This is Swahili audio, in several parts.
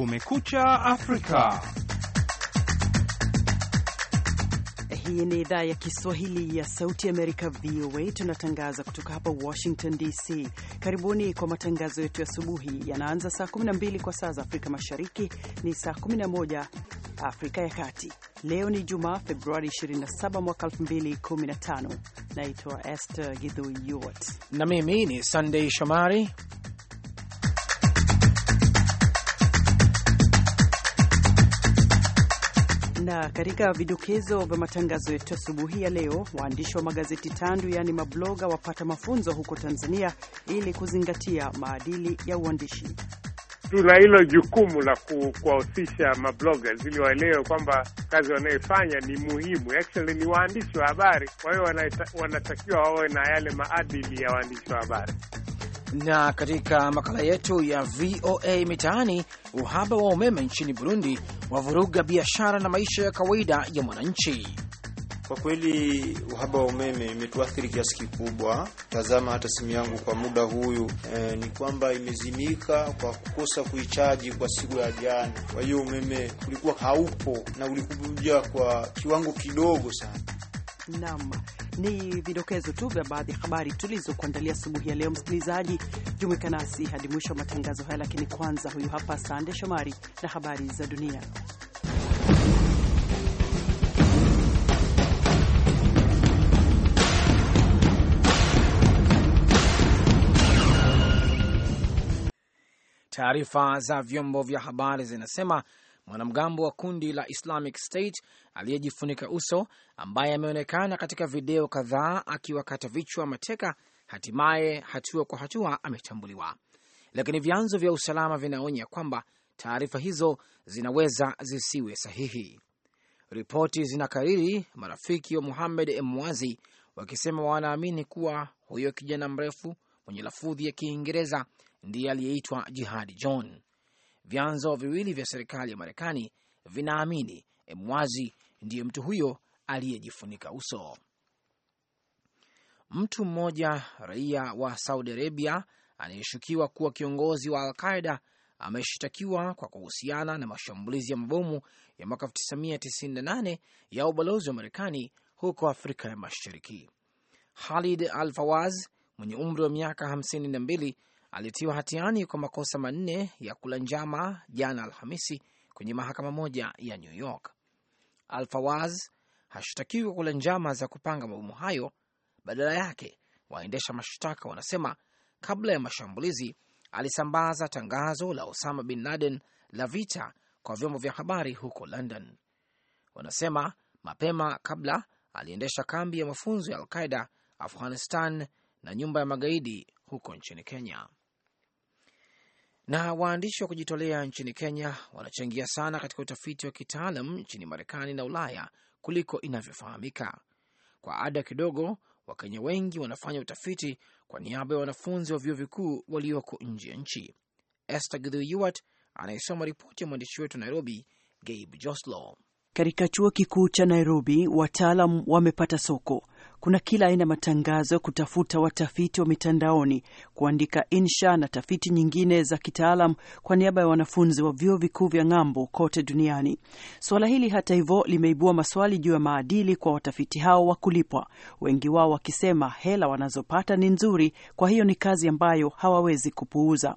Kumekucha Afrika. Hii ni idhaa ya Kiswahili ya Sauti Amerika, VOA. Tunatangaza kutoka hapa Washington DC. Karibuni kwa matangazo yetu ya asubuhi, yanaanza saa 12 kwa saa za Afrika Mashariki, ni saa 11 Afrika ya Kati. Leo ni Jumaa, Februari 27 mwaka 2015. Naitwa Esther Githu Yuot na mimi ni sandei Shomari Na katika vidokezo vya matangazo yetu asubuhi ya leo, waandishi wa magazeti tandu, yaani mabloga, wapata mafunzo huko Tanzania ili kuzingatia maadili ya uandishi. Tuna hilo jukumu la kuwahusisha mabloga ili waelewe kwamba kazi wanayofanya ni muhimu. Actually ni waandishi wa habari, kwa hiyo wanatakiwa wawe na yale maadili ya waandishi wa habari. Na katika makala yetu ya VOA Mitaani, uhaba wa umeme nchini Burundi wavuruga biashara na maisha ya kawaida ya mwananchi. Kwa kweli uhaba wa umeme imetuathiri kiasi kikubwa. Tazama hata simu yangu kwa muda huyu e, ni kwamba imezimika kwa kukosa kuichaji kwa siku ya jana. Kwa hiyo umeme ulikuwa haupo na ulikuja kwa kiwango kidogo sana. Nam ni vidokezo tu vya baadhi ya habari tulizokuandalia asubuhi ya leo. Msikilizaji, jumuika nasi hadi mwisho wa matangazo haya, lakini kwanza, huyu hapa Sande Shomari na habari za dunia. Taarifa za vyombo vya habari zinasema mwanamgambo wa kundi la Islamic State aliyejifunika uso ambaye ameonekana katika video kadhaa akiwakata vichwa mateka, hatimaye hatua kwa hatua ametambuliwa, lakini vyanzo vya usalama vinaonya kwamba taarifa hizo zinaweza zisiwe sahihi. Ripoti zinakariri marafiki wa Muhamed Emwazi wakisema wanaamini kuwa huyo kijana mrefu mwenye lafudhi ya Kiingereza ndiye aliyeitwa Jihadi John. Vyanzo viwili vya serikali ya Marekani vinaamini Emwazi ndiye mtu huyo aliyejifunika uso. Mtu mmoja raia wa Saudi Arabia anayeshukiwa kuwa kiongozi wa Alqaida ameshtakiwa kwa kuhusiana na mashambulizi ya mabomu ya mwaka 1998 ya ubalozi wa Marekani huko Afrika ya Mashariki. Khalid Al Fawaz mwenye umri wa miaka 52 alitiwa hatiani kwa makosa manne ya kula njama jana Alhamisi kwenye mahakama moja ya New York. Alfawaz hashtakiwi kula njama za kupanga mabomu hayo. Badala yake, waendesha mashtaka wanasema kabla ya mashambulizi alisambaza tangazo la Osama bin Laden la vita kwa vyombo vya habari huko London. Wanasema mapema kabla aliendesha kambi ya mafunzo ya Alqaida Afghanistan na nyumba ya magaidi huko nchini Kenya. Na waandishi wa kujitolea nchini Kenya wanachangia sana katika utafiti wa kitaalam nchini Marekani na Ulaya kuliko inavyofahamika. Kwa ada kidogo, Wakenya wengi wanafanya utafiti kwa niaba ya wanafunzi wa vyuo vikuu walioko nje ya nchi. Esther githui anayesoma ripoti ya mwandishi wetu Nairobi, Gabe Joslow. Katika chuo kikuu cha Nairobi wataalam wamepata soko kuna kila aina matangazo, kutafuta watafiti wa mitandaoni, kuandika insha na tafiti nyingine za kitaalam kwa niaba ya wanafunzi wa vyuo vikuu vya ng'ambo kote duniani. Suala hili hata hivyo limeibua maswali juu ya maadili kwa watafiti hao wa kulipwa, wengi wao wakisema hela wanazopata ni nzuri, kwa hiyo ni kazi ambayo hawawezi kupuuza.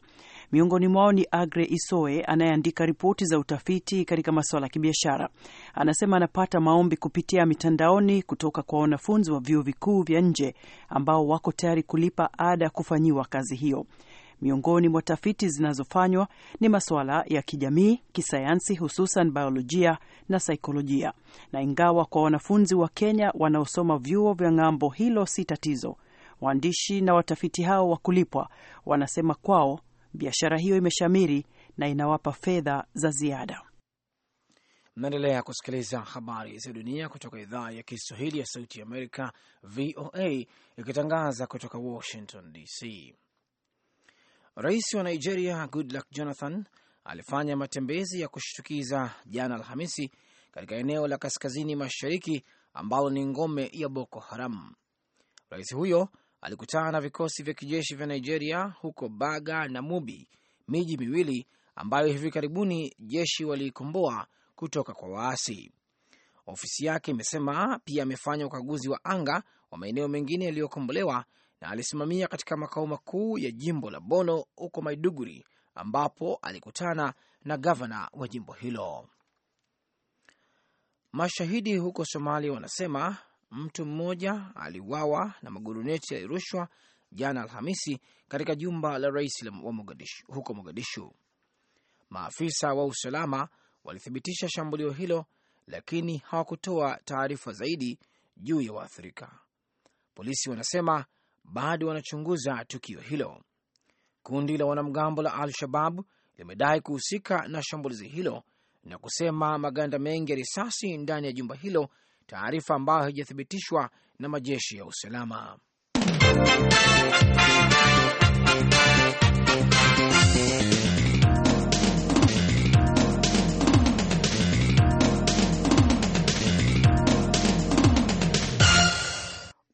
Miongoni mwao ni Agre Isoe anayeandika ripoti za utafiti katika masuala ya kibiashara. Anasema anapata maombi kupitia mitandaoni kutoka kwa wanafunzi wa vyuo vikuu vya nje ambao wako tayari kulipa ada kufanyiwa kazi hiyo. Miongoni mwa tafiti zinazofanywa ni masuala ya kijamii, kisayansi, hususan biolojia na saikolojia. Na ingawa kwa wanafunzi wa Kenya wanaosoma vyuo vya ng'ambo hilo si tatizo, waandishi na watafiti hao wa kulipwa wanasema kwao biashara hiyo imeshamiri na inawapa fedha za ziada. Mnaendelea kusikiliza habari za dunia kutoka idhaa ya Kiswahili ya Sauti ya Amerika, VOA, ikitangaza kutoka Washington DC. Rais wa Nigeria Goodluck Jonathan alifanya matembezi ya kushtukiza jana Alhamisi katika eneo la kaskazini mashariki ambalo ni ngome ya Boko Haram. Rais huyo alikutana na vikosi vya kijeshi vya Nigeria huko Baga na Mubi, miji miwili ambayo hivi karibuni jeshi waliikomboa kutoka kwa waasi. Ofisi yake imesema pia amefanya ukaguzi wa anga wa maeneo mengine yaliyokombolewa na alisimamia katika makao makuu ya jimbo la Bono huko Maiduguri, ambapo alikutana na gavana wa jimbo hilo. Mashahidi huko Somalia wanasema Mtu mmoja aliuawa na maguruneti yalirushwa jana Alhamisi katika jumba la rais huko Mogadishu. Maafisa wa usalama walithibitisha shambulio hilo, lakini hawakutoa taarifa zaidi juu ya waathirika. Polisi wanasema bado wanachunguza tukio hilo. Kundi la wanamgambo la Al-Shabab limedai kuhusika na shambulizi hilo na kusema maganda mengi ya risasi ndani ya jumba hilo taarifa ambayo haijathibitishwa na majeshi ya usalama.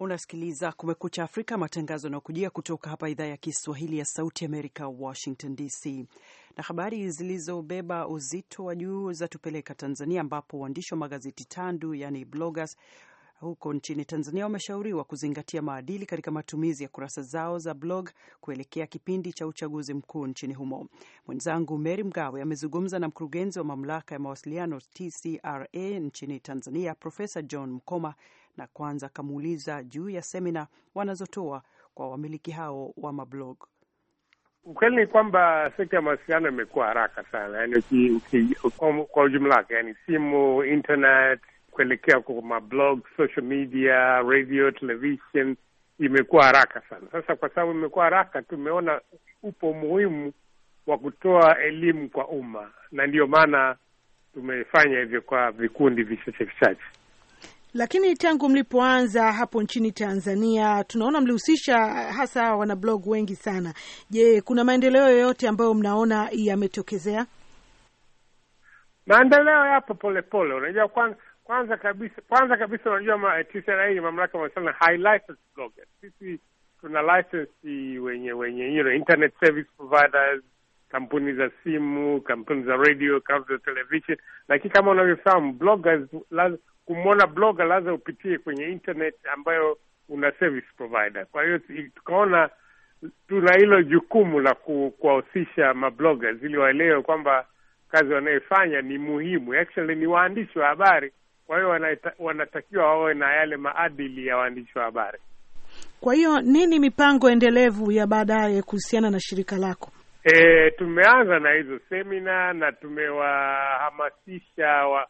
unasikiliza Kumekucha Afrika, matangazo yanayokujia kutoka hapa idhaa ya Kiswahili ya Sauti Amerika, Washington DC. Na habari zilizobeba uzito wa juu za tupeleka Tanzania, ambapo waandishi wa magazeti tandu, yani bloggers huko nchini Tanzania wameshauriwa kuzingatia maadili katika matumizi ya kurasa zao za blog kuelekea kipindi cha uchaguzi mkuu nchini humo. Mwenzangu Mary Mgawe amezungumza na mkurugenzi wa mamlaka ya mawasiliano TCRA nchini Tanzania, Profesa John Mkoma na kwanza akamuuliza juu ya semina wanazotoa kwa wamiliki hao wa mablog. Ukweli ni kwamba sekta ya mawasiliano imekuwa haraka sana, yani kwa ujumla wake, yani simu, internet, kuelekea kwa mablog, social media, radio, television imekuwa haraka sana. Sasa kwa sababu imekuwa haraka, tumeona upo umuhimu wa kutoa elimu kwa umma, na ndiyo maana tumefanya hivyo kwa vikundi vichache vichache. Lakini tangu mlipoanza hapo nchini Tanzania, tunaona mlihusisha eh, hasa wanablog wengi sana. Je, kuna maendeleo yoyote ambayo mnaona yametokezea? Maendeleo yapo polepole. Unajua, kwanza kabisa kwanza kabisa unajua ma, eh, TCRA ni mamlaka wanasema high license bloggers. Sisi tuna license wenye wenye you know, internet service providers, kampuni za simu, kampuni za radio, kampuni za television, lakini kama unavyofahamu bloggers kumwona bloga lazima upitie kwenye internet ambayo una service provider. Kwa hiyo tukaona tuna hilo jukumu la kuwahusisha mabloggers ili waelewe kwamba kazi wanayefanya ni muhimu. Actually ni waandishi wa habari, kwa hiyo wanatakiwa wawe na yale maadili ya waandishi wa habari. Kwa hiyo nini mipango endelevu ya baadaye kuhusiana na shirika lako? E, tumeanza na hizo semina na tumewahamasisha wa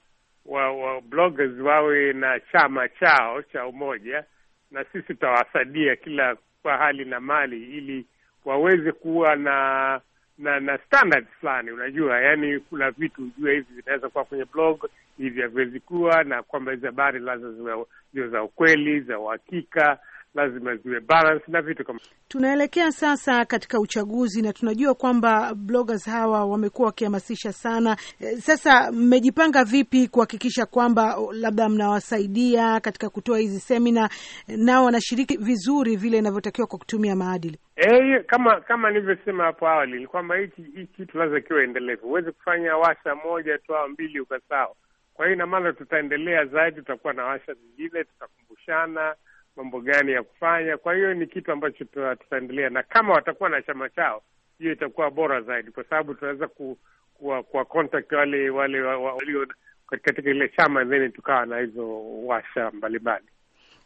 wa, wa bloggers wawe na chama chao cha umoja, na sisi tutawasaidia kila kwa hali na mali, ili waweze kuwa na na na standards fulani. Unajua, yani kuna vitu ujue hivi vinaweza kuwa kwenye blog, hivi haviwezi kuwa, na kwamba hizi habari lazima ziwe za ukweli, za uhakika lazima ziwe balance na vitu kama. Tunaelekea sasa katika uchaguzi na tunajua kwamba bloggers hawa wamekuwa wakihamasisha sana. E, sasa mmejipanga vipi kuhakikisha kwamba labda mnawasaidia katika kutoa hizi semina, e, nao wanashiriki vizuri vile inavyotakiwa kwa kutumia maadili? Hey, kama kama nilivyosema hapo awali kwamba hichi kitu lazima kiwe endelevu. Huwezi kufanya washa moja tu au mbili ukasawa. Kwa hiyo ina maana tutaendelea zaidi, tutakuwa na washa zingine, tutakumbushana mambo gani ya kufanya. Kwa hiyo ni kitu ambacho tutaendelea na, kama watakuwa na chama chao, hiyo itakuwa bora zaidi, kwa sababu tunaweza ku, kuwa, kuwa contact wale wale walio katika ile chama then tukawa na hizo washa mbalimbali.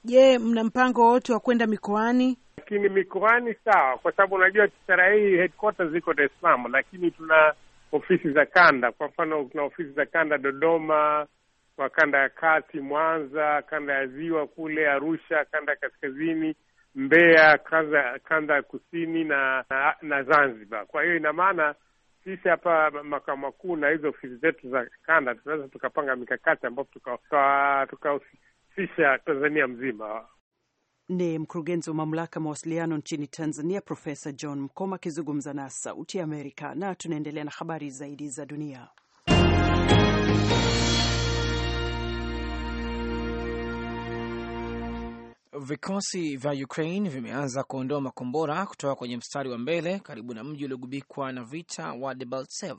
Je, mna mpango wote wa kwenda mikoani? Lakini mikoani sawa, kwa sababu unajua sara hii headquarters ziko Dar es Salaam, lakini tuna ofisi za kanda. Kwa mfano, tuna ofisi za kanda Dodoma, wa kanda ya kati, Mwanza, kanda ya ziwa kule Arusha, kanda ya kaskazini Mbeya, kanda ya kusini na, na, na Zanzibar. Kwa hiyo ina maana sisi hapa makao makuu na hizo ofisi zetu za kanda tunaweza tukapanga mikakati ambapo tukahusisha tuka, tuka Tanzania mzima. Ni mkurugenzi wa mamlaka mawasiliano nchini Tanzania, Profesa John Mkoma akizungumza na Sauti ya Amerika, na tunaendelea na habari zaidi za dunia. Vikosi vya Ukraine vimeanza kuondoa makombora kutoka kwenye mstari wa mbele karibu na mji uliogubikwa na vita wa Debaltsev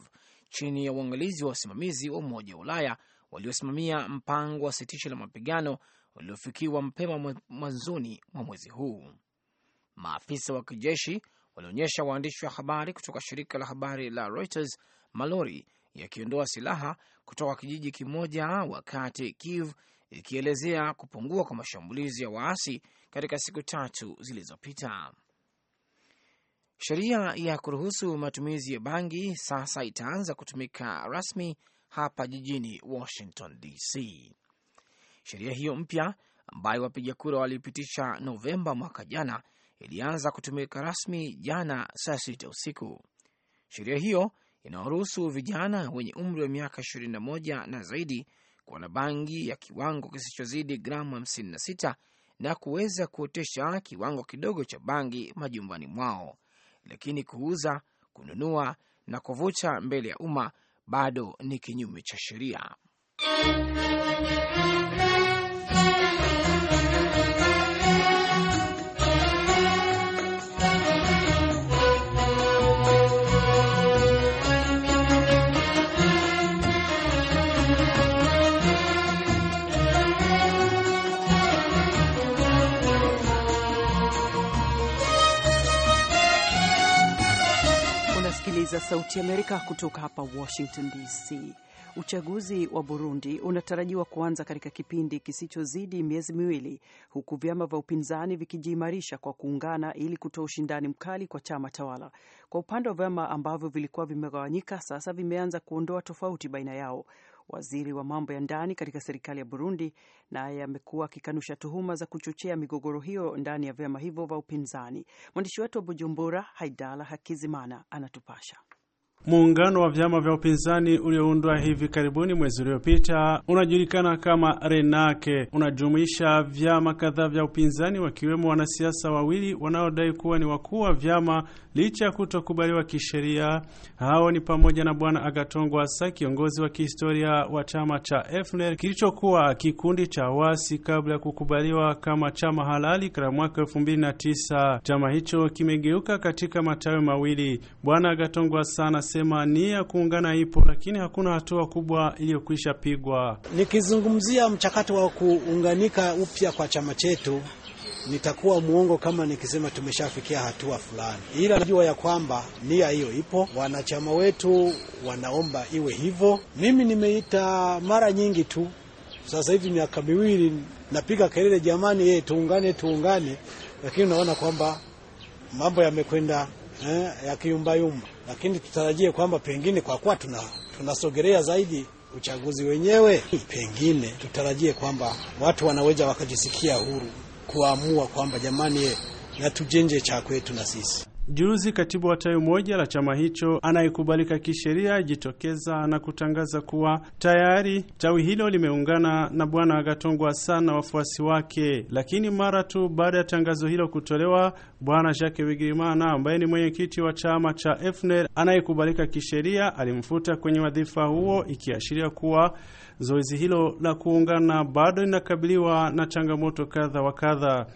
chini ya uangalizi wa wasimamizi wa Umoja wa Ulaya waliosimamia mpango wa sitisho la mapigano uliofikiwa mapema mwanzoni mwa mwezi huu. Maafisa wa kijeshi walionyesha waandishi wa habari kutoka shirika la habari la Reuters malori yakiondoa silaha kutoka kijiji kimoja wakati Kiev ikielezea kupungua kwa mashambulizi ya waasi katika siku tatu zilizopita. Sheria ya kuruhusu matumizi ya bangi sasa itaanza kutumika rasmi hapa jijini Washington DC. Sheria hiyo mpya ambayo wapiga kura walipitisha Novemba mwaka jana ilianza kutumika rasmi jana saa sita usiku. Sheria hiyo inawaruhusu vijana wenye umri wa miaka 21 na zaidi kuwa na bangi ya kiwango kisichozidi gramu 56 na kuweza kuotesha kiwango kidogo cha bangi majumbani mwao, lakini kuuza, kununua na kuvuta mbele ya umma bado ni kinyume cha sheria. kusikiliza Sauti Amerika kutoka hapa Washington DC. Uchaguzi wa Burundi unatarajiwa kuanza katika kipindi kisichozidi miezi miwili, huku vyama vya upinzani vikijiimarisha kwa kuungana ili kutoa ushindani mkali kwa chama tawala. Kwa upande wa vyama ambavyo vilikuwa vimegawanyika, sasa vimeanza kuondoa tofauti baina yao. Waziri wa mambo ya ndani katika serikali ya Burundi naye amekuwa akikanusha tuhuma za kuchochea migogoro hiyo ndani ya vyama hivyo vya upinzani. Mwandishi wetu wa Bujumbura, Haidala Hakizimana, anatupasha. Muungano wa vyama vya upinzani ulioundwa hivi karibuni mwezi uliopita unajulikana kama Renake, unajumuisha vyama kadhaa vya upinzani wakiwemo wanasiasa wawili wanaodai kuwa ni wakuu wa vyama licha ya kutokubaliwa kisheria. Hao ni pamoja na Bwana Agathon Rwasa, kiongozi wa kihistoria wa chama cha FNL kilichokuwa kikundi cha wasi kabla ya kukubaliwa kama chama halali katika mwaka tisa. Chama hicho kimegeuka katika matawi mawili. Bwana Agathon Rwasa anasema nia kuungana ipo, lakini hakuna hatua kubwa iliyokwisha pigwa. Nikizungumzia mchakato wa kuunganika upya kwa chama chetu, nitakuwa mwongo kama nikisema tumeshafikia hatua fulani, ila najua ya kwamba nia hiyo ipo, wanachama wetu wanaomba iwe hivyo. Mimi nimeita mara nyingi tu sasa hivi miaka miwili napiga kelele, jamani, ye, eh, tuungane tuungane, lakini unaona kwamba mambo yamekwenda eh, ya kiyumbayumba, lakini tutarajie kwamba pengine kwa kuwa tuna tunasogelea zaidi uchaguzi wenyewe, pengine tutarajie kwamba watu wanaweza wakajisikia huru kuamua kwamba jamani, ye, eh, na tujenje cha kwetu na sisi. Juzi katibu wa tawi moja la chama hicho anayekubalika kisheria ajitokeza na kutangaza kuwa tayari tawi hilo limeungana na bwana Agatongwa sana wafuasi wake. Lakini mara tu baada ya tangazo hilo kutolewa, bwana Jacques Wigirimana ambaye ni mwenyekiti wa chama cha FNL anayekubalika kisheria alimfuta kwenye wadhifa huo, ikiashiria kuwa zoezi hilo la kuungana bado linakabiliwa na changamoto kadha wa kadha.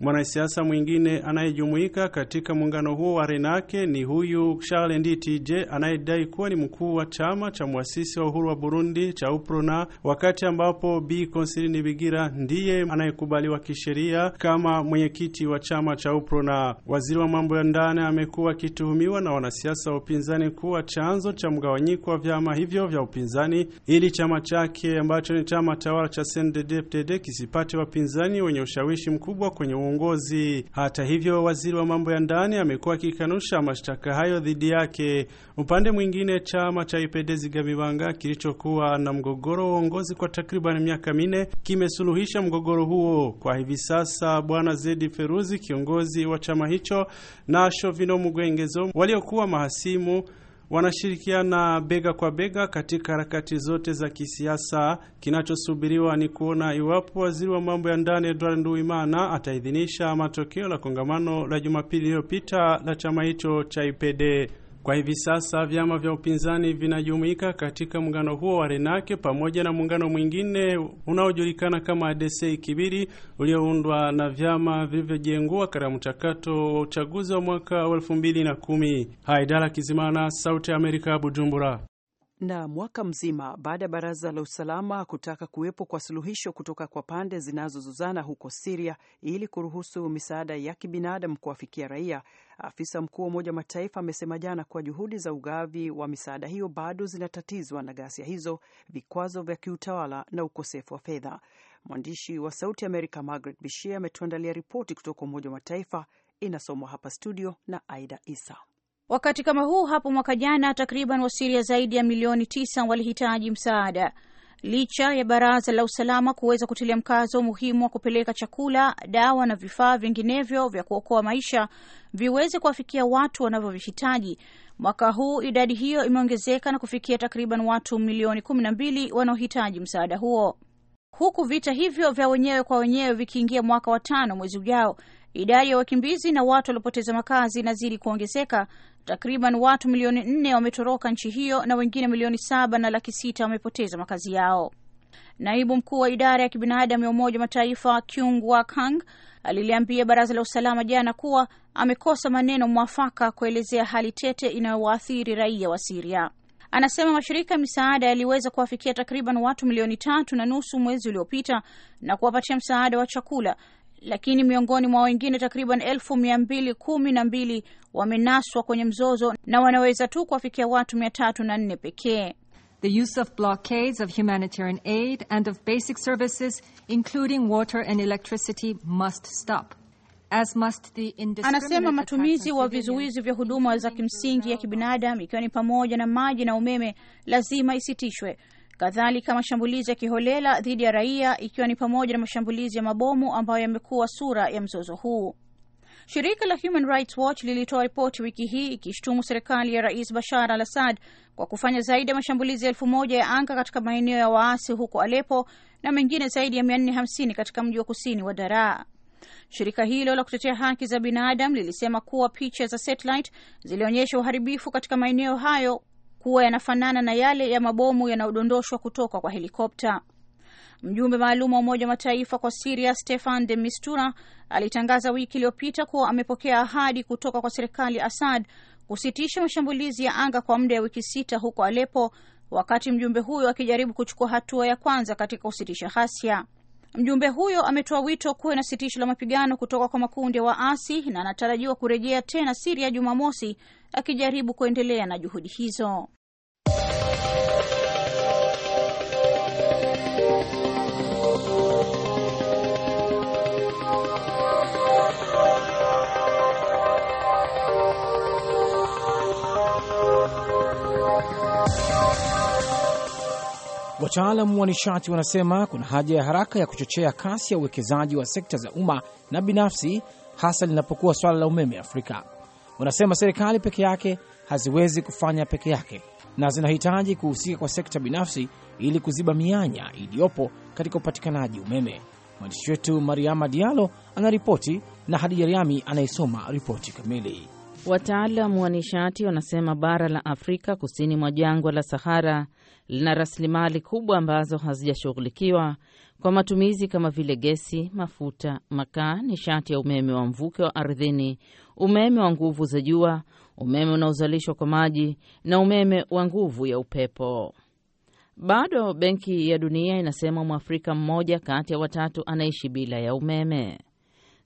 Mwanasiasa mwingine anayejumuika katika muungano huo wa Renake ni huyu Charles Nditije anayedai kuwa ni mkuu wa chama cha mwasisi wa uhuru wa Burundi cha UPRONA, wakati ambapo b Konsili Bigira ndiye anayekubaliwa kisheria kama mwenyekiti wa chama cha UPRONA. Waziri wa mambo ya ndani amekuwa akituhumiwa na wanasiasa wa upinzani kuwa chanzo cha mgawanyiko wa vyama hivyo vya upinzani, ili chama chake ambacho ni chama tawala cha CNDD-FDD kisipate wapinzani wenye ushawishi mkubwa kwenye uongozi. Hata hivyo, waziri wa mambo ya ndani amekuwa akikanusha mashtaka hayo dhidi yake. Upande mwingine, chama cha UPD zigamibanga kilichokuwa na mgogoro wa uongozi kwa takriban miaka minne kimesuluhisha mgogoro huo. Kwa hivi sasa, bwana Zedi Feruzi, kiongozi wa chama hicho, na Shovino Mugwengezo waliokuwa mahasimu wanashirikiana bega kwa bega katika harakati zote za kisiasa. Kinachosubiriwa ni kuona iwapo waziri wa mambo ya ndani Edward Nduimana ataidhinisha matokeo la kongamano la Jumapili iliyopita la chama hicho cha IPEDE. Kwa hivi sasa vyama vya upinzani vinajumuika katika muungano huo wa Renake pamoja na muungano mwingine unaojulikana kama ADC Kibiri ulioundwa na vyama vilivyojengua katika mchakato wa uchaguzi wa mwaka wa elfu mbili na kumi. Haidara Kizimana, Sauti ya Amerika, Bujumbura. Na mwaka mzima baada ya baraza la usalama kutaka kuwepo kwa suluhisho kutoka kwa pande zinazozozana huko Siria ili kuruhusu misaada ya kibinadamu kuwafikia raia, afisa mkuu wa Umoja wa Mataifa amesema jana kuwa juhudi za ugavi wa misaada hiyo bado zinatatizwa na ghasia hizo, vikwazo vya kiutawala na ukosefu wa fedha. Mwandishi wa Sauti Amerika Margaret Bishia ametuandalia ripoti kutoka Umoja wa Mataifa, inasomwa hapa studio na Aida Isa. Wakati kama huu hapo mwaka jana, takriban Wasiria zaidi ya milioni tisa walihitaji msaada licha ya Baraza la Usalama kuweza kutilia mkazo umuhimu wa kupeleka chakula, dawa na vifaa vinginevyo vya kuokoa maisha viweze kuwafikia watu wanavyovihitaji. Mwaka huu idadi hiyo imeongezeka na kufikia takriban watu milioni kumi na mbili wanaohitaji msaada huo, huku vita hivyo vya wenyewe kwa wenyewe vikiingia mwaka wa tano mwezi ujao. Idadi ya wakimbizi na watu waliopoteza makazi inazidi kuongezeka Takriban watu milioni nne wametoroka nchi hiyo na wengine milioni saba na laki sita wamepoteza makazi yao. Naibu mkuu wa idara ya kibinadamu ya Umoja wa Mataifa Kyung Wa Kang aliliambia baraza la usalama jana kuwa amekosa maneno mwafaka kuelezea hali tete inayowaathiri raia wa Siria. Anasema mashirika ya misaada yaliweza kuwafikia takriban watu milioni tatu na nusu mwezi uliopita na kuwapatia msaada wa chakula, lakini miongoni mwa wengine takriban elfu mia mbili kumi na mbili wamenaswa kwenye mzozo na wanaweza tu kuwafikia watu mia tatu na nne pekee. The use of blockades of humanitarian aid and of basic services including water and electricity must stop. As must the anasema matumizi wa vizuizi vya huduma za kimsingi ya kibinadamu ikiwa ni pamoja na maji na umeme lazima isitishwe, kadhalika mashambulizi ya kiholela dhidi ya raia ikiwa ni pamoja na mashambulizi ya mabomu ambayo yamekuwa sura ya mzozo huu. Shirika la Human Rights Watch lilitoa ripoti wiki hii ikishutumu serikali ya Rais Bashar al Assad kwa kufanya zaidi ya mashambulizi elfu moja ya anga katika maeneo ya waasi huko Alepo na mengine zaidi ya 450 katika mji wa kusini wa Daraa. Shirika hilo la kutetea haki za binadamu lilisema kuwa picha za satellite zilionyesha uharibifu katika maeneo hayo kuwa yanafanana na yale ya mabomu yanayodondoshwa kutoka kwa helikopta. Mjumbe maalum wa Umoja wa Mataifa kwa Siria Stefan de Mistura alitangaza wiki iliyopita kuwa amepokea ahadi kutoka kwa serikali ya Assad kusitisha mashambulizi ya anga kwa muda ya wiki sita huko Alepo, wakati mjumbe huyo akijaribu kuchukua hatua ya kwanza katika kusitisha ghasia. Mjumbe huyo ametoa wito kuwe na sitisho la mapigano kutoka kwa makundi ya waasi na anatarajiwa kurejea tena Siria Jumamosi akijaribu kuendelea na juhudi hizo. Wataalamu wa nishati wanasema kuna haja ya haraka ya kuchochea kasi ya uwekezaji wa sekta za umma na binafsi, hasa linapokuwa swala la umeme Afrika. Wanasema serikali peke yake haziwezi kufanya peke yake na zinahitaji kuhusika kwa sekta binafsi ili kuziba mianya iliyopo katika upatikanaji umeme. Mwandishi wetu Mariama Diallo anaripoti na Hadija Riami anayesoma ripoti kamili. Wataalam wa nishati wanasema bara la Afrika kusini mwa jangwa la Sahara lina rasilimali kubwa ambazo hazijashughulikiwa kwa matumizi kama vile gesi, mafuta, makaa, nishati ya umeme wa mvuke wa ardhini, umeme wa nguvu za jua, umeme unaozalishwa kwa maji na umeme wa nguvu ya upepo. Bado Benki ya Dunia inasema Mwafrika mmoja kati ya watatu anaishi bila ya umeme.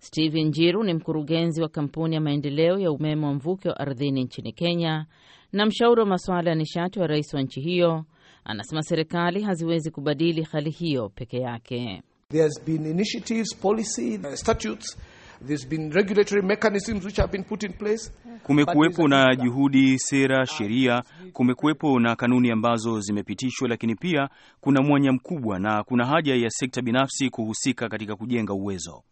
Steven Njiru ni mkurugenzi wa kampuni ya maendeleo ya umeme wa mvuke wa ardhini nchini Kenya na mshauri wa masuala ya nishati wa rais wa nchi hiyo, anasema serikali haziwezi kubadili hali hiyo peke yake. Kumekuwepo na juhudi, sera, ah, sheria, kumekuwepo na kanuni ambazo zimepitishwa, lakini pia kuna mwanya mkubwa na kuna haja ya sekta binafsi kuhusika katika kujenga uwezo.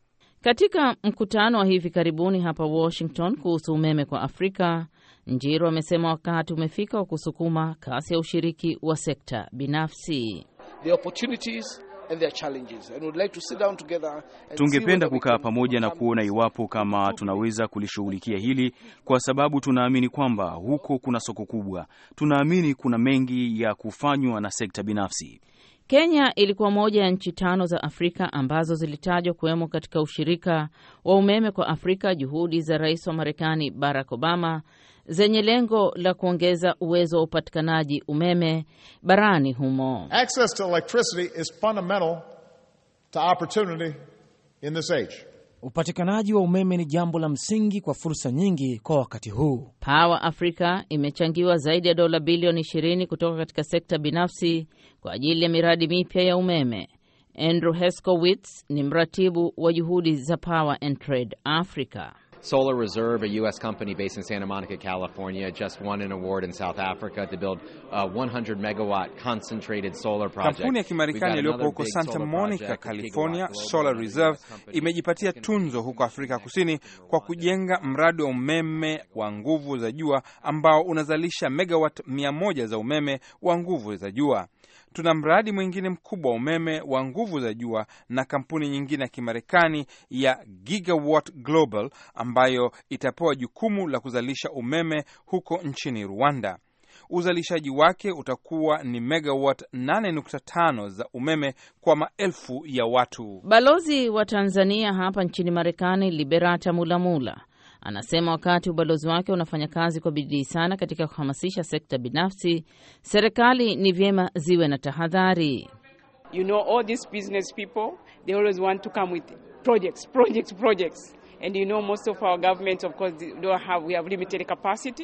Katika mkutano wa hivi karibuni hapa Washington kuhusu umeme kwa Afrika, Njiru amesema wakati umefika wa kusukuma kasi ya ushiriki wa sekta binafsi. The opportunities like tungependa kukaa pamoja na kuona iwapo kama tunaweza kulishughulikia hili, kwa sababu tunaamini kwamba huko kuna soko kubwa, tunaamini kuna mengi ya kufanywa na sekta binafsi. Kenya ilikuwa moja ya nchi tano za Afrika ambazo zilitajwa kuwemo katika ushirika wa umeme kwa Afrika, juhudi za rais wa Marekani Barack Obama zenye lengo la kuongeza uwezo wa upatikanaji umeme barani humo. Access to electricity is fundamental to opportunity in this age. Upatikanaji wa umeme ni jambo la msingi kwa fursa nyingi kwa wakati huu. Power Africa imechangiwa zaidi ya dola bilioni 20 kutoka katika sekta binafsi kwa ajili ya miradi mipya ya umeme. Andrew Heskowitz ni mratibu wa juhudi za Power and Trade Africa. Solar Reserve, a U.S. company based in Santa Monica, California, just won an award in South Africa to build a 100 megawatt concentrated solar project. Kampuni ya Kimarekani iliyopo huko Santa Monica, California, Solar Reserve imejipatia tunzo huko Afrika Kusini kwa kujenga mradi wa umeme wa nguvu za jua ambao unazalisha megawatt 100 za umeme wa nguvu za jua. Tuna mradi mwingine mkubwa wa umeme wa nguvu za jua na kampuni nyingine ya Kimarekani ya Gigawatt Global ambayo itapewa jukumu la kuzalisha umeme huko nchini Rwanda. Uzalishaji wake utakuwa ni megawatt 8.5 za umeme kwa maelfu ya watu. Balozi wa Tanzania hapa nchini Marekani, Liberata Mulamula, Anasema wakati ubalozi wake unafanya kazi kwa bidii sana katika kuhamasisha sekta binafsi, serikali ni vyema ziwe na tahadhari. You know, all these business people, they always want to come with projects, projects, projects.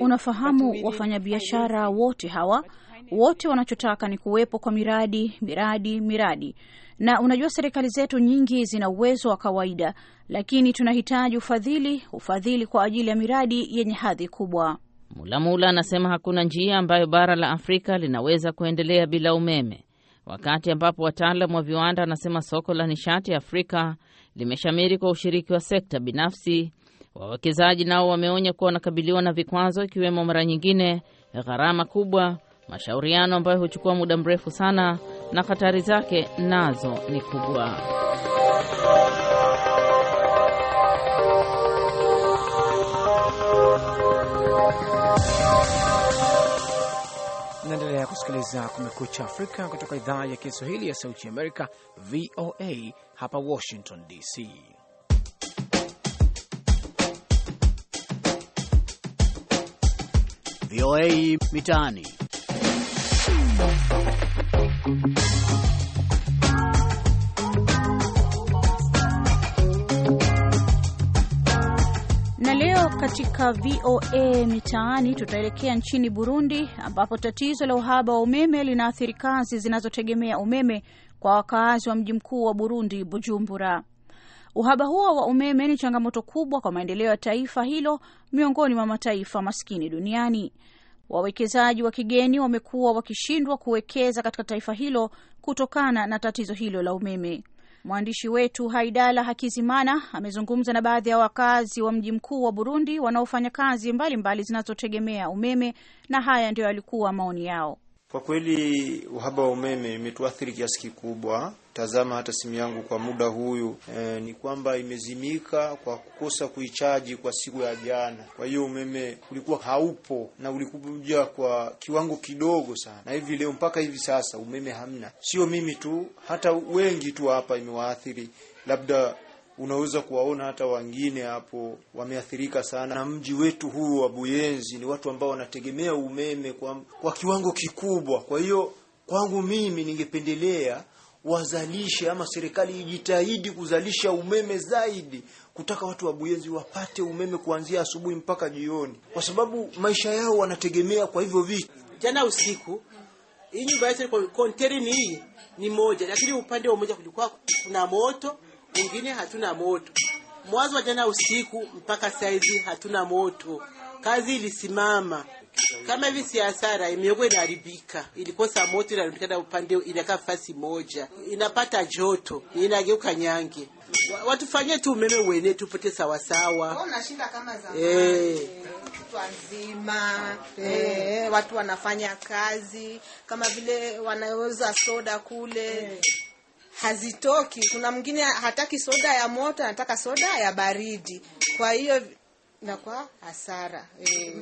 Unafahamu wafanyabiashara wote hawa wote wanachotaka ni kuwepo kwa miradi, miradi, miradi. Na unajua serikali zetu nyingi zina uwezo wa kawaida, lakini tunahitaji ufadhili, ufadhili kwa ajili ya miradi yenye hadhi kubwa. Mulamula anasema hakuna njia ambayo bara la Afrika linaweza kuendelea bila umeme, wakati ambapo wataalam wa viwanda wanasema soko la nishati Afrika limeshamiri kwa ushiriki wa sekta binafsi. Wawekezaji nao wameonya kuwa wanakabiliwa na vikwazo, ikiwemo mara nyingine gharama kubwa mashauriano ambayo huchukua muda mrefu sana na hatari zake nazo ni kubwa. Naendelea kusikiliza Kumekucha Afrika kutoka idhaa ya Kiswahili ya Sauti ya Amerika, VOA hapa Washington DC. VOA Mitaani. Na leo katika VOA Mitaani tutaelekea nchini Burundi ambapo tatizo la uhaba wa umeme linaathiri kazi zinazotegemea umeme kwa wakaazi wa mji mkuu wa Burundi, Bujumbura. Uhaba huo wa umeme ni changamoto kubwa kwa maendeleo ya taifa hilo miongoni mwa mataifa maskini duniani. Wawekezaji wa kigeni wamekuwa wakishindwa kuwekeza katika taifa hilo kutokana na tatizo hilo la umeme. Mwandishi wetu Haidala Hakizimana amezungumza na baadhi ya wakazi wa mji mkuu wa Burundi wanaofanya kazi mbalimbali zinazotegemea umeme, na haya ndiyo yalikuwa maoni yao. Kwa kweli uhaba wa umeme imetuathiri kiasi kikubwa. Tazama hata simu yangu kwa muda huyu e, ni kwamba imezimika kwa kukosa kuichaji kwa siku ya jana. Kwa hiyo umeme ulikuwa haupo na ulikuja kwa kiwango kidogo sana, na hivi leo mpaka hivi sasa umeme hamna. Sio mimi tu, hata wengi tu hapa imewaathiri, labda unaweza kuwaona hata wengine hapo wameathirika sana na mji wetu huu wa Buyenzi. Ni watu ambao wanategemea umeme kwa, kwa kiwango kikubwa. Kwa hiyo kwangu mimi ningependelea wazalishe ama serikali ijitahidi kuzalisha umeme zaidi, kutaka watu wa Buyenzi wapate umeme kuanzia asubuhi mpaka jioni, kwa sababu maisha yao wanategemea kwa hivyo vitu. Jana usiku hii nyumba yetu konteri ni hii ni moja, lakini upande wa moja kulikuwa kuna moto wengine hatuna moto. Mwanzo wa jana usiku mpaka saizi hatuna moto, kazi ilisimama kama hivi. Si hasara, imekuwa inaharibika, ilikosa moto, inarundikana upande, inakaa fasi moja, inapata joto, inageuka nyange. Watufanyie tu umeme wene tupote sawasawa. Nashinda kama zamani eh. Wazima eh, Watu wanafanya kazi kama vile wanaweza soda kule e hazitoki. Kuna mwingine hataki soda ya moto, anataka soda ya baridi, kwa hiyo na kwa hasara e.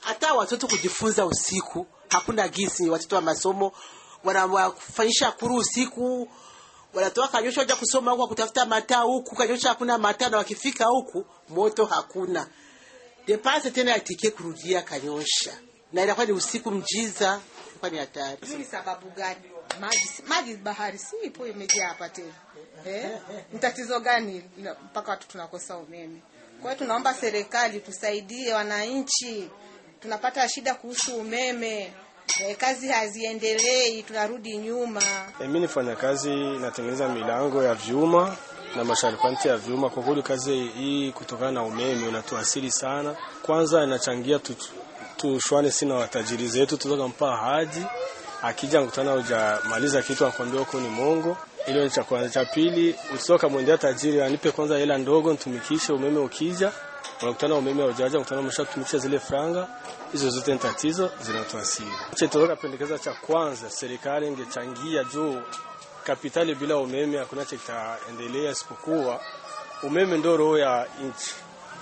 Hata watoto kujifunza usiku hakuna gisi, watoto wa masomo wanawafanyisha kuru usiku, wanatoa kanyosha waja kusoma huku kutafuta mataa huku kanyosha, hakuna mataa, na wakifika huku moto hakuna depase tena yatikie kurudia kanyosha, na inakuwa ni usiku mjiza, kwa ni hatari. Ni Sababu gani? maji maji bahari si ipo imejaa hapa tena eh? Ni tatizo gani mpaka watu tunakosa umeme? Kwa hiyo tunaomba serikali tusaidie wananchi, tunapata shida kuhusu umeme eh, kazi haziendelei, tunarudi nyuma. E, mimi nifanya kazi natengeneza milango ya vyuma na masharpanti ya vyuma. Kwa kweli kazi hii kutokana na umeme unatuasiri sana. Kwanza inachangia tushwane sina watajiri zetu tutoka mpaa haji akija mkutano hujamaliza kitu akwambia huko ni mongo. Hilo ni cha kwanza. Cha pili, usitoka mwendea tajiri anipe kwanza hela ndogo nitumikishe. Umeme ukija unakutana umeme haujaja, mkutana umeshatumikisha zile franga. Hizo zote ni tatizo zinatuasiri. toka pendekeza cha kwanza, serikali ingechangia juu kapitali. Bila umeme hakuna kitaendelea, isipokuwa umeme ndio roho ya nchi,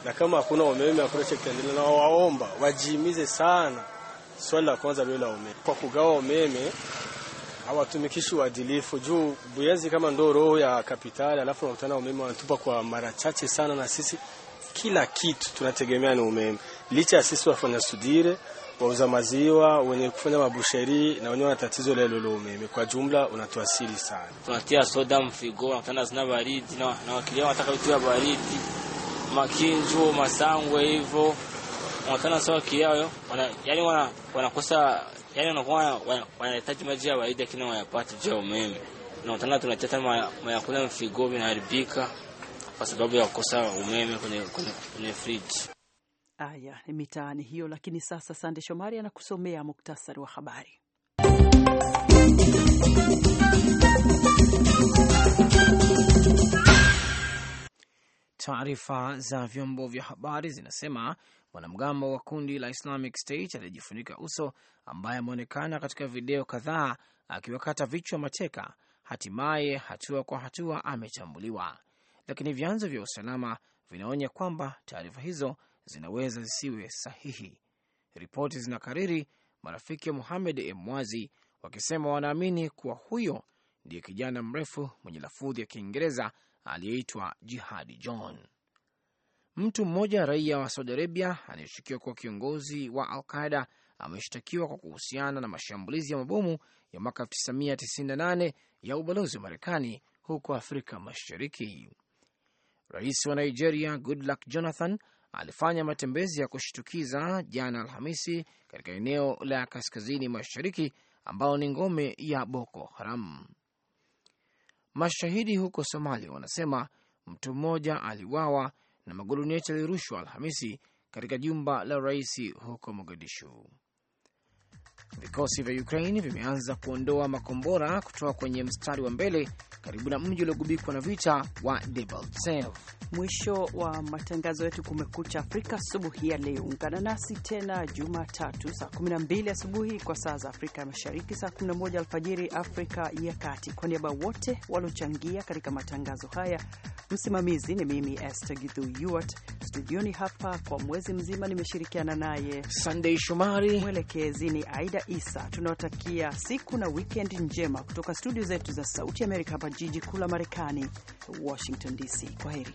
na kama hakuna umeme hakuna kitaendelea. na waomba wajihimize sana Swali la kwanza lio la umeme, kwa kugawa umeme hawatumikishi uadilifu juu Buyezi kama ndo roho ya kapitali, alafu unakutana umeme wanatupa kwa mara chache sana, na sisi kila kitu tunategemea ni umeme, licha ya sisi wafanya sudire, wauza maziwa wenye kufanya mabusheri na wenye wana tatizo la lolo umeme kwa jumla unatuasiri sana. Tunatia soda mfigo, unakutana zina baridi na, na wakilia wanataka vitu vya baridi, makinjo, masangwe hivyo wanakutana sawa kiao, wana, yani wana wanakosa yani wanakuwa wanahitaji maji ya waida kina wayapati juu ya umeme. Nakutana tunachata mayakula mfigo vinaharibika kwa sababu ya kukosa umeme kwenye, kwenye, kwenye friji. Aya, ni mitaani hiyo. Lakini sasa Sande Shomari anakusomea muktasari wa habari. Taarifa za vyombo vya habari zinasema Mwanamgambo wa kundi la Islamic State aliyejifunika uso ambaye ameonekana katika video kadhaa akiwakata vichwa mateka, hatimaye hatua kwa hatua ametambuliwa, lakini vyanzo vya usalama vinaonya kwamba taarifa hizo zinaweza zisiwe sahihi. Ripoti zinakariri marafiki wa muhamed Emwazi wakisema wanaamini kuwa huyo ndiye kijana mrefu mwenye lafudhi ya Kiingereza aliyeitwa Jihadi John. Mtu mmoja raia wa Saudi Arabia anayeshukiwa kuwa kiongozi wa Al Qaida ameshtakiwa kwa kuhusiana na mashambulizi ya mabomu ya mwaka 1998 ya ubalozi wa Marekani huko Afrika Mashariki. Rais wa Nigeria Goodluck Jonathan alifanya matembezi ya kushtukiza jana Alhamisi katika eneo la kaskazini mashariki ambalo ni ngome ya Boko Haram. Mashahidi huko Somalia wanasema mtu mmoja aliwawa na maguluneti yalirushwa Alhamisi katika jumba la rais huko Mogadishu. Vikosi vya Ukraine vimeanza kuondoa makombora kutoka kwenye mstari wa mbele karibu na mji uliogubikwa na vita wa Debaltseve. Mwisho wa matangazo yetu Kumekucha Afrika asubuhi ya leo. Ungana nasi tena Jumatatu saa 12 asubuhi kwa saa za Afrika ya Mashariki, saa 11 alfajiri Afrika ya Kati. Kwa niaba wote waliochangia katika matangazo haya, msimamizi ni mimi Esther Githu Yuart, studioni hapa kwa mwezi mzima nimeshirikiana naye sandei Shomari, mwelekezi ni Aida Isa. Tunawatakia siku na wikend njema kutoka studio zetu za Sauti ya Amerika hapa jiji kuu la Marekani, Washington DC. Kwa heri.